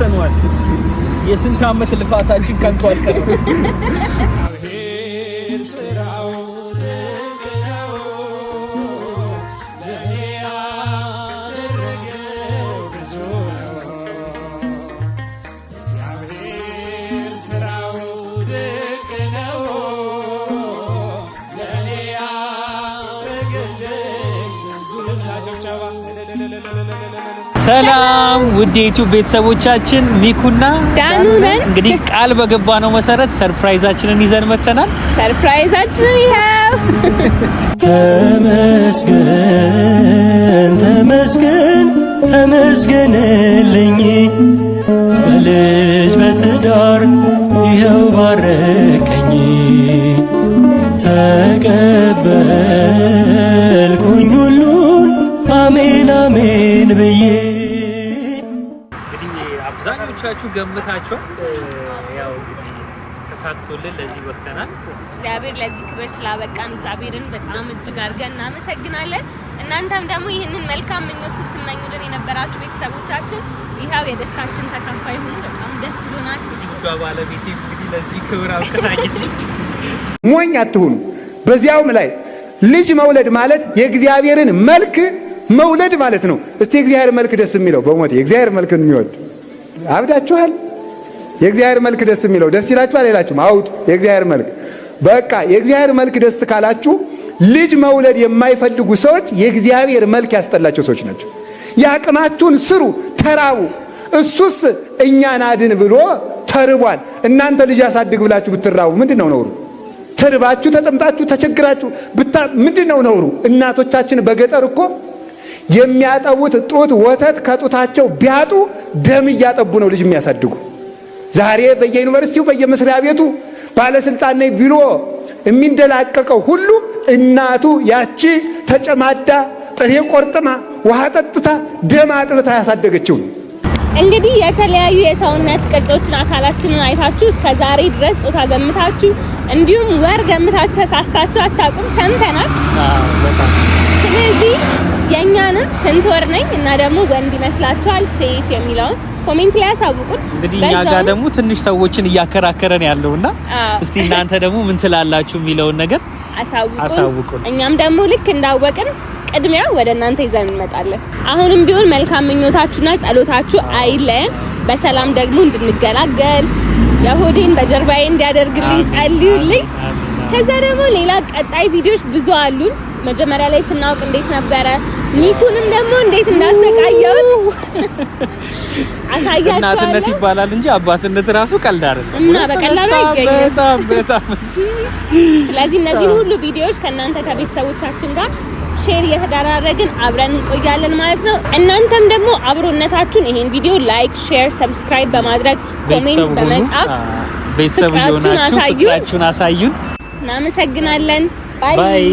ጨርሰነዋል። የስንት ዓመት ልፋታችን ከንቱ አልቀረም። ሰላም ውድ የዩቲዩብ ቤተሰቦቻችን ሚኩና ዳኑ ነን። እንግዲህ ቃል በገባ ነው መሰረት ሰርፕራይዛችንን ይዘን መተናል። ሰርፕራይዛችንን ይኸው ተመስገን ተመስገን ተመስገንልኝ በልጅ በትዳር ይኸው ባረከኝ ተቀበል እንግዲህ አብዛኞቻችሁ ገምታችኋል። ያው ተሳክቶልን ለዚህ በቅተናል። እግዚአብሔር ለዚህ ክብር ስላበቃን እግዚአብሔርን በጣም እጅግ አድርገን እናመሰግናለን። እናንተም ደግሞ ይህንን መልካም ምኞት ስትመኙልን የነበራችሁ ቤተሰቦቻችን ይኸው የደስታችን ተካፋይ ሁኑ። በጣም ደስ ብሎናል። ጉዷ ባለቤቴ እንግዲህ ለዚህ ክብር አብቅታኝች። ሞኝ አትሁኑ። በዚያውም ላይ ልጅ መውለድ ማለት የእግዚአብሔርን መልክ መውለድ ማለት ነው። እስቲ የእግዚአብሔር መልክ ደስ የሚለው በሞቴ የእግዚአብሔር መልክ የሚወድ አብዳችኋል። የእግዚአብሔር መልክ ደስ የሚለው ደስ ይላችኋል። ሌላችሁም አውጡ የእግዚአብሔር መልክ በቃ የእግዚአብሔር መልክ ደስ ካላችሁ ልጅ መውለድ የማይፈልጉ ሰዎች የእግዚአብሔር መልክ ያስጠላቸው ሰዎች ናቸው። የአቅማችሁን ስሩ፣ ተራቡ። እሱስ እኛን አድን ብሎ ተርቧል። እናንተ ልጅ ያሳድግ ብላችሁ ብትራቡ ምንድን ነው ነውሩ? ተርባችሁ ተጠምጣችሁ ተቸግራችሁ ምንድን ነው ነውሩ? እናቶቻችን በገጠር እኮ የሚያጠቡት ጡት ወተት ከጡታቸው ቢያጡ ደም እያጠቡ ነው ልጅ የሚያሳድጉ። ዛሬ በየዩኒቨርሲቲው በየመስሪያ ቤቱ ባለስልጣን ነኝ ቢሎ የሚንደላቀቀው ሁሉ እናቱ ያቺ ተጨማዳ ጥሬ ቆርጥማ ውሃ ጠጥታ ደም አጥብታ ያሳደገችው እንግዲህ የተለያዩ የሰውነት ቅርጾችን አካላችንን አይታችሁ እስከ ዛሬ ድረስ ጾታ ገምታችሁ እንዲሁም ወር ገምታችሁ ተሳስታችሁ አታውቁም፣ ሰምተናል። ስለዚህ የእኛንም ስንት ወር ነኝ እና ደግሞ ወንድ ይመስላችኋል ሴት የሚለውን ኮሜንት ላይ ያሳውቁን። እንግዲህ እኛ ጋር ደግሞ ትንሽ ሰዎችን እያከራከረን ያለውና እስቲ እናንተ ደግሞ ምን ትላላችሁ የሚለውን ነገር አሳውቁን። እኛም ደግሞ ልክ እንዳወቅን ቅድሚያ ወደ እናንተ ይዘን እንመጣለን። አሁንም ቢሆን መልካም ምኞታችሁና ጸሎታችሁ አይለን በሰላም ደግሞ እንድንገላገል የሆዴን በጀርባዬ እንዲያደርግልኝ ጸልዩልኝ። ከዛ ደግሞ ሌላ ቀጣይ ቪዲዮዎች ብዙ አሉን። መጀመሪያ ላይ ስናውቅ እንዴት ነበረ ኒኩንም ደግሞ እንዴት እንዳሰቃየሁት አሳያቸዋለሁ። እናትነት ይባላል እንጂ አባትነት ራሱ ቀልድ አይደለም እና በቀላሉ አይገኝም። በጣም በጣም ስለዚህ እነዚህን ሁሉ ቪዲዮዎች ከእናንተ ከቤተሰቦቻችን ጋር ሼር እየተደራረግን አብረን እንቆያለን ማለት ነው። እናንተም ደግሞ አብሮነታችሁን ይሄን ቪዲዮ ላይክ፣ ሼር፣ ሰብስክራይብ በማድረግ ኮሜንት በመጻፍ ቤተሰብ እየሆናችሁ ፍቅራችሁን አሳዩን። እናመሰግናለን። ባይ